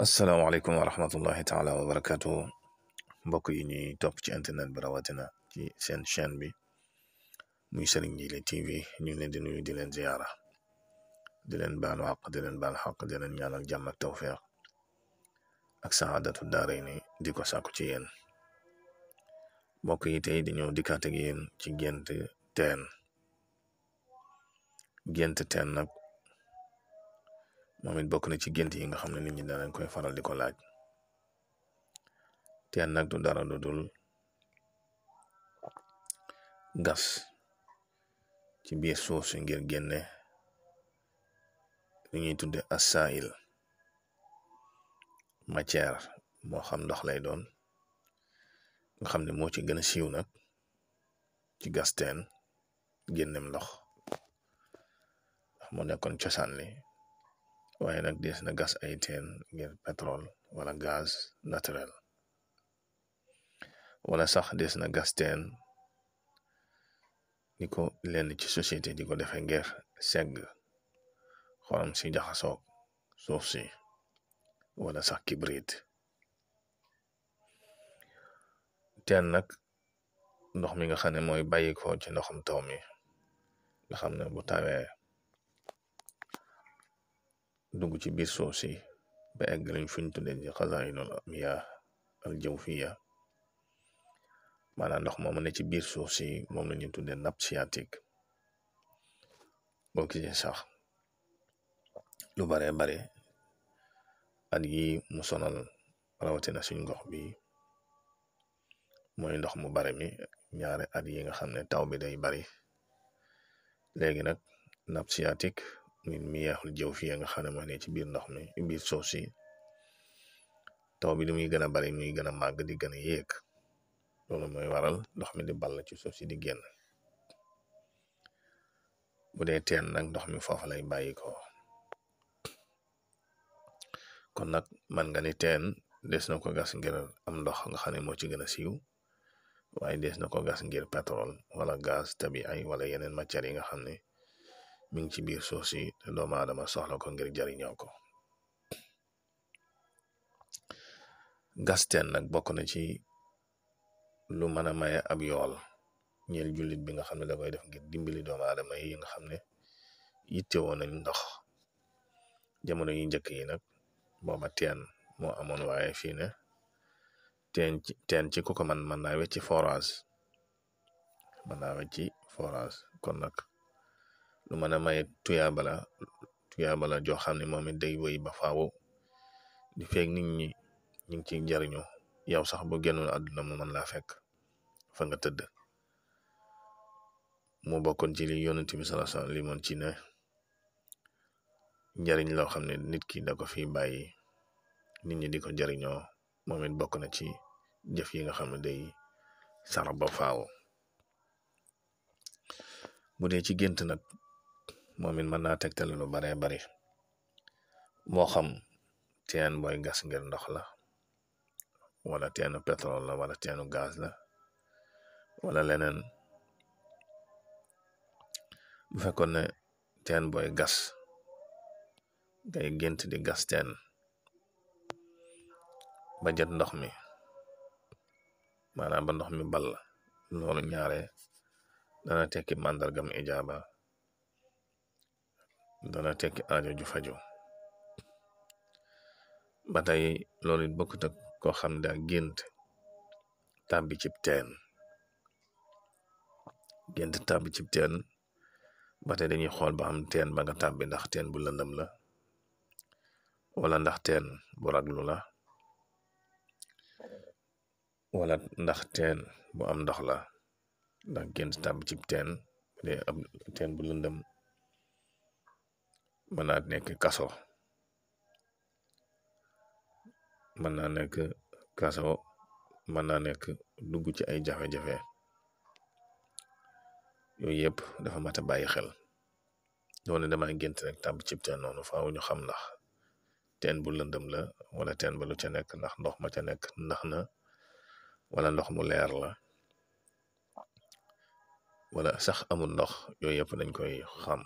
asalaamaaleykum wa rahmatullahi taala wa barakaatu mbokk yi ñuy topp ci internet bi rawatina ci seen chaîne bi muy Serigne Ndily TV ñu ngi leen di nuyu di leen ziyaara di leen baalu àq di leen baal xaq di leen ñaanal jàmm ak tawfeex ak saadatu daarayni di ko sàkku ci yéen mbokk yi tey di ñëw dikkaat ak yéen ci gént nag moom it bokk na ci gént yi nga xam ne nit ñi danañ koy faral di ko laaj teen nag du dara du gas ci biir suuf si ngir génne li ñuy tudde asail matière moo xam ndox lay doon nga xam ne moo ci gën a siiw nag ci gas teen génnem ndox ndax moo nekkoon cosaan li waaye nag dees na gas ay ten ngir pétrole wala gaz naturel wala sax dees na gas teen ni ko lenn ci société di ko defee ngir segg xorom si jaxasoog suuf si wala sax kibrit ten nag ndox mi nga xam ne mooy bàyyi ci ndoxam taw mi nga xam ne bu tawee dugg ci biir suuf si ba egg lañ fuñ tuddee ci xazainul miyaa al jawfiya maanaam ndox moomu ne ci biir suuf si moom la ñuy tuddee nappe phréatique boo sax lu baree bare at yi mu sonal rawatina suñ gox bi mooy ndox mu bare mi ñaari at yi nga xam ne taw bi day bari léegi nag nappe min miyaaxul jaww fi ya nga xam ne moo ne ci biir ndox mi ci biir suuf si taw bi li muy gën a bari muy gën a màgg di gën a yéeg loolu mooy waral ndox mi di ball ci suuf si di génn bu dee teen nag ndox mi foofu lay bàyyi ko kon nag man nga teen des na ko gas ngir am ndox nga xam ne moo ci gën a siiw waaye des na ko gas ngir pétrole wala gaz tabi ay wala yeneen matières yi nga xam ne mi ngi ci biir suuf si te doomu aadama soxla ko ngir jariñoo ko gas teen nag bokk na ci lu mën a maye ab yool ñeel julit bi nga xam ne da koy def ngir dimbali doomu aadama yi nga xam ne yittewoo nañ ndox jamono yu njëkk yi nag booba teen moo amoon waaye fii ne teen ci teen ci mën naa wecci forage mën naa wecci forage kon nag lu mën a maye tuyaabala tuyaabala joo xam ne moom it day wéy ba faaw di feeg nit ñi ñu ngi ciy jariñoo yow sax bu génnoon àdduna mu mën laa fekk fa nga tëdd mu bokkoon ci li yonent bi sallallahu alayhi li moon ci ne njariñ loo xam ne nit ki da ko fi bàyyi nit ñi di ko jariñoo moom bokk na ci jëf yi nga xam ne day sar ba bu dee ci gént nag moom it mën naa tegtale lu baree bari moo xam teen booy gas ngir ndox la wala teenu pétrole la wala teenu gaz la wala leneen bu fekkoon ne teen booy gas ngay gént di gas teen ba ndox mi maanaam ba ndox mi ball loolu ñaare dana tekki màndargam ijaaba dana tekki aajo ju fajo ba tey loolu it bokkut koo xam ne daa gént tambi cib ten gént tàbbi cib teen ba tey dañuy xool ba xam teen ba nga tàbbi ndax teen bu lëndëm la wala ndax teen bu raglu la wala ndax teen bu am ndox la ndax gént tàbbi cib ten bu bu lëndëm mën naa nekk kaso mën naa nekk kaso mën naa nekk dugg ci ay jafe-jafe yooyu yëpp dafa mat a bàyyi xel doone dama gént rek tab cib teen noonu faaw ñu xam ndax teen bu lëndëm la wala teen ba lu ca nekk ndax ndox ma ca nekk ndax na wala ndox mu leer la wala sax amul ndox yooyu yëpp dañ koy xam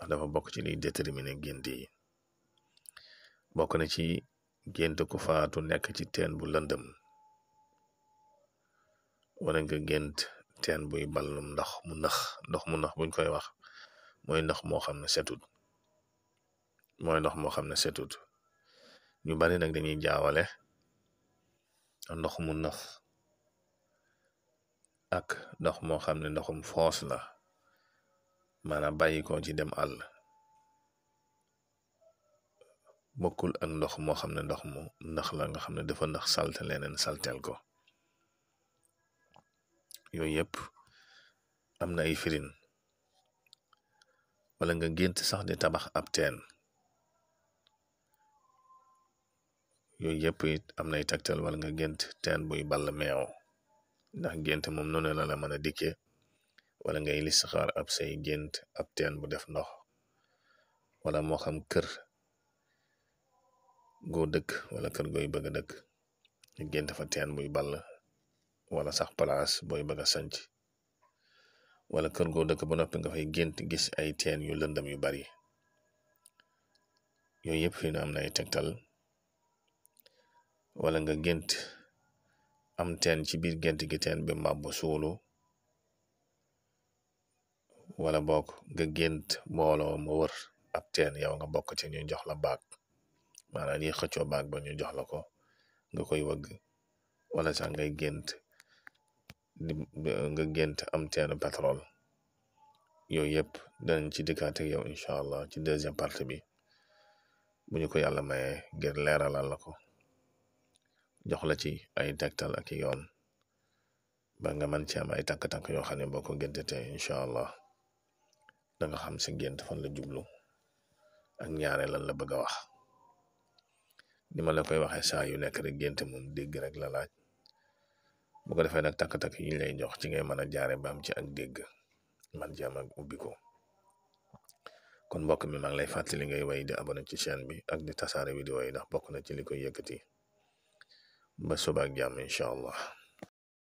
a dafa bokk ci liy déterminer gént yi bokk na ci gént ku faatu nekk ci teen bu lëndëm wala nga gént teen buy ballum ndox mu nax ndox mu nax buñ koy wax mooy ndox moo xam ne setut mooy ndox moo xam ne setut ñu bari nag dañuy jaawale ndox mu nax ak ndox moo xam ne ndoxum foos la maanaam bàyyi ko ci dem àll bokkul ak ndox moo xam ne ndox mu nax la nga xam ne dafa nax salte leneen salteel ko yooyu yëpp am na ay firin wala nga gént sax di tabax ab teen yooyu yëpp it am na nay taktal wala nga gént teen buy ball meew ndax gént moom noonu la la mën a dikkee wala ngay listixaar ab say gént ab teen bu def ndox wala moo xam kër goo dëkk wala kër gooy bëgg a dëkk gént fa teen buy ball wala sax palaas booy bëgg a sanc wala kër goo dëkk ba noppi nga fay gént gis ay teen yu lëndëm yu bari yooyu yëpp fii na am na ay tegtal wala nga gént am teen ci biir gént gi teen bi màbbu suulu wala bokk nga gént mbooloo mu wër ab teen yow nga bokk ci ñu jox la baag maanaam ñi xëccoo baak ba ñu jox la ko nga koy wëgg wala sax ngay gént nga gént am teenu pétrole yooyu yëpp danañ ci dikkaat ak yow incha allah ci deuxième partie bi bu ñu ko yàlla mayee ngir leeralal la ko jox la ci ay tegtal ak yoon ba nga man ci am ay takk-takk yoo xam ne boo ko gëntatee incha allah da nga xam si gént fan la jublu ñaare lan la bëgg a wax ni ma la koy waxee saa yu nekk rek gént moom dégg rek la laaj bu ko defee nag takk-takk yi lay jox ci ngay mën a jaare ba ci ag dégg man ci am ak ubbi ko kon mbokk mi maa lay fàttali ngay way di abonné ci chaîne bi ak di tasaare vidéo yi ndax bokk na ci li koy yëkkati ba suba ak jàmm incha allah